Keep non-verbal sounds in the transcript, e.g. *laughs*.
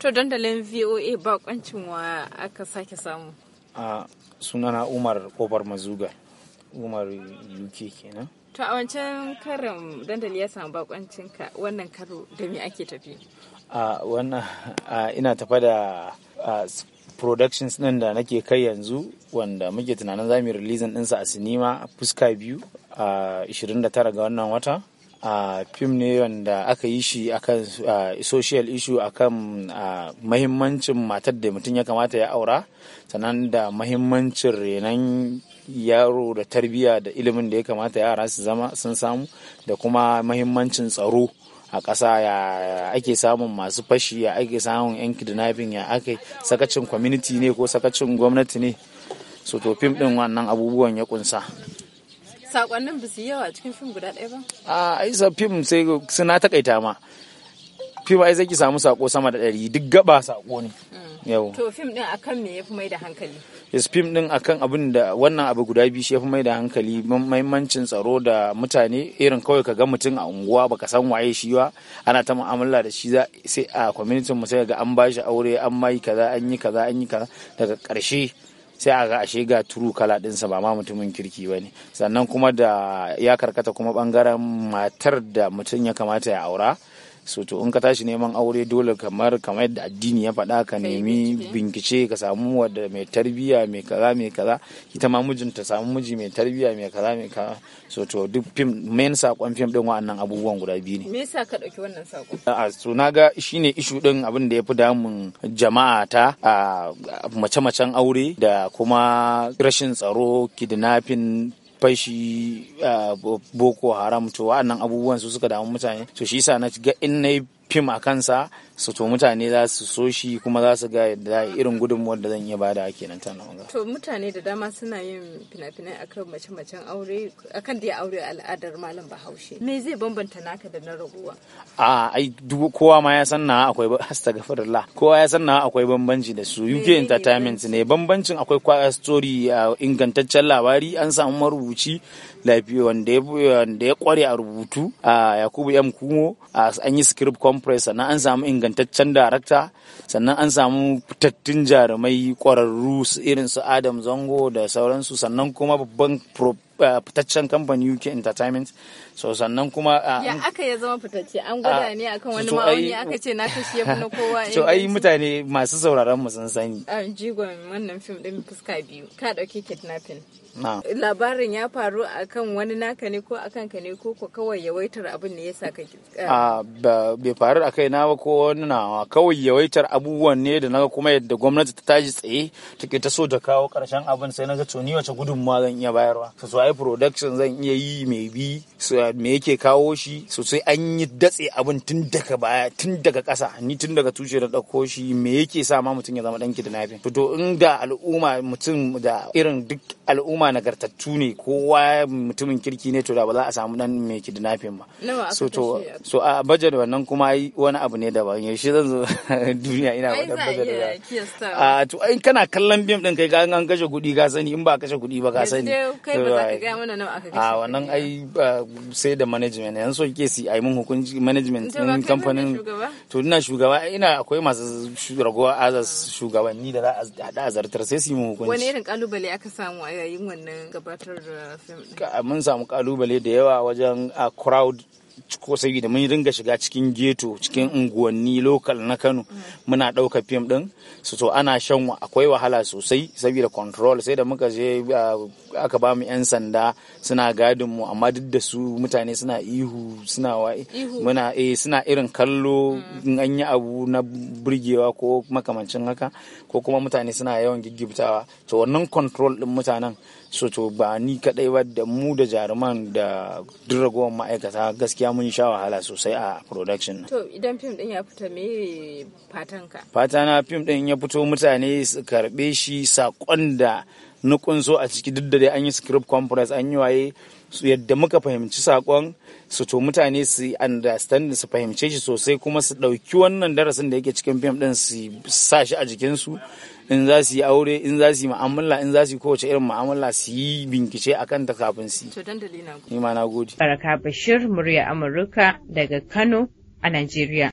To dandalin VOA bakoncin wa aka sake samu? A sunana Umar Kobar Mazuga, Umar UK kenan. To a wancan karin dandali ya samu bakoncinka wannan karo da me ake tafi? A wannan ina tafa da productions ɗin da nake kai yanzu wanda muke tunanin za mu yi releasing ɗinsa a sinima fuska biyu a 29 ga wannan wata. a fim ne wanda aka yi shi a kan social issue kan mahimmancin matar da mutum ya kamata ya aura sannan da mahimmancin renon yaro da tarbiyya da ilimin da ya kamata yara su zama sun samu da kuma mahimmancin tsaro a ƙasa ya ake samun masu fashi ya ake samun 'yan kidnapping ya ake sakacin community ne ko sakacin gwamnati ne so to fim ɗin wannan abubuwan ya kunsa sakonnin ba su yawa cikin fim guda ɗaya ba a ai sa fim sai suna takaita ma fim ai zai ki samu sako sama da ɗari duk gaba sako ne mm. yau to fim ɗin akan me ya fi mai da hankali yes fim ɗin akan abin da wannan abu guda biyu shi fi mai da hankali mahimmancin tsaro da mutane irin kawai ka ga mutum a unguwa baka san waye shi ba ana ta mu'amala da shi sai a community mu sai ga an ba shi aure an mai kaza an yi kaza an yi kaza daga ƙarshe sai a ga ashe ga turu kala ba ma mutumin kirki ba ne sannan kuma da ya karkata kuma ɓangaren matar da mutum ya kamata ya aura so to in ka tashi neman aure dole kamar kamar yadda addini ya faɗa ka nemi bincike ka samu wadda mai tarbiyya mai kaza mai kaza ita ma mijinta samu miji mai tarbiyya mai kaza mai kaza so to duk fim main sakon fim din wa'annan abubuwan guda biyu ne me yasa ka dauki wannan sakon a so naga shine ishu din abin da ya fi damun jama'a ta a mace-macen aure da kuma rashin tsaro kidnapping fashi ah, boko haram to wa'annan abubuwan su suka damu mutane to shi yasa na ga in na fim a kansa su to mutane za su so shi kuma za su ga da irin gudunmuwar da zan iya bada a kenan ta nan to mutane da dama suna yin fina-finai akan mace-macen aure akan da ya aure al'adar malam bahaushe me zai bambanta naka da na raguwa a ai kowa ma ya san na akwai *laughs* astaghfirullah kowa ya san na akwai bambanci da su UK entertainment ne bambancin akwai kwaya story ingantaccen labari an samu marubuci lafiya wanda ya kware a rubutu a Yakubu M Kumo an yi script African sannan an samu ingantaccen darakta sannan an samu fitattun jarumai kwararru irin su Adam Zango da sauransu sannan kuma babban Uh, fitaccen kamfani UK Entertainment so sannan kuma uh, ya aka ya zama fitacce an uh, gwada ne akan wani ma'auni aka ce na kashe yafi na kowa to *laughs* ai mutane masu sauraron mu sun sani ah, jigon wannan fim din fuska biyu ka dauki kidnapping labarin ya faru akan wani naka ne ko akan ka ne ko ko kawai yawaitar abin ne yasa ka a ah, bai faru akai na ba ko wani nawa kawai yawaitar abubuwan ne da naga kuma yadda gwamnati ta taji tsaye take ta so ta kawo karshen abin sai naga to ni wace gudunmawa zan iya bayarwa so ai production zan iya yi mai bi me yake kawo shi so sai an yi datse abin tun daga baya tun daga kasa ni tun daga tushe da dauko shi me yake sa ma mutum ya zama dan kidnapping to to in da al'umma mutum da irin duk al'umma nagartattu ne kowa mutumin kirki ne to da ba za a samu dan mai kidnapping ba so to so a bajar wannan kuma wani abu ne daban yaushe zan zo *laughs* duniya ina da bajar da a ah, to in kana kallon bim din kai ga an kashe kuɗi ka sani in ba kashe kuɗi ba ka sani kai ba mana nawa aka kashe a wannan ai sai da management yanzu ke si ai mun hukunci management din kamfanin to ina shugaba ina akwai masu ragowa azas shugabanni da za a hada azartar sai su yi mun hukunci wani irin kalubale aka samu a yayin wannan gabatar da film mun samu kalubale da yawa wajen a crowd ko da mun ringa shiga cikin geto cikin unguwanni lokal na kano mm. muna ɗaukar fim din su to ana shan akwai wahala sosai saboda control sai da muka je aka ba mu 'yan sanda suna gadin mu amma duk da su mutane suna ihu suna wa'i muna eh suna irin kallo hmm. in an yi abu na burgewa ko makamancin haka ko kuma mutane suna yawan giggibtawa to wannan control din mutanen so to ba ni kadai ba da mu da jaruman da duragowar ma'aikata gaskiya mun sha wahala sosai a production to idan fim din ya fita me fatan ka fata na fim din ya fito mutane su karbe shi sakon da na ƙunso a ciki duk da dai an yi script conference an yi waye su yadda muka fahimci sakon su to mutane su understand su fahimce shi sosai kuma su ɗauki wannan darasin da yake cikin fim ɗin su sa shi a jikinsu in za su yi aure in za su yi mu'amala in za su yi kowace irin mu'amala su yi bincike a kanta kafin su yi. Ni ma na gode. Baraka Bashir, murya Amurka daga Kano a Najeriya.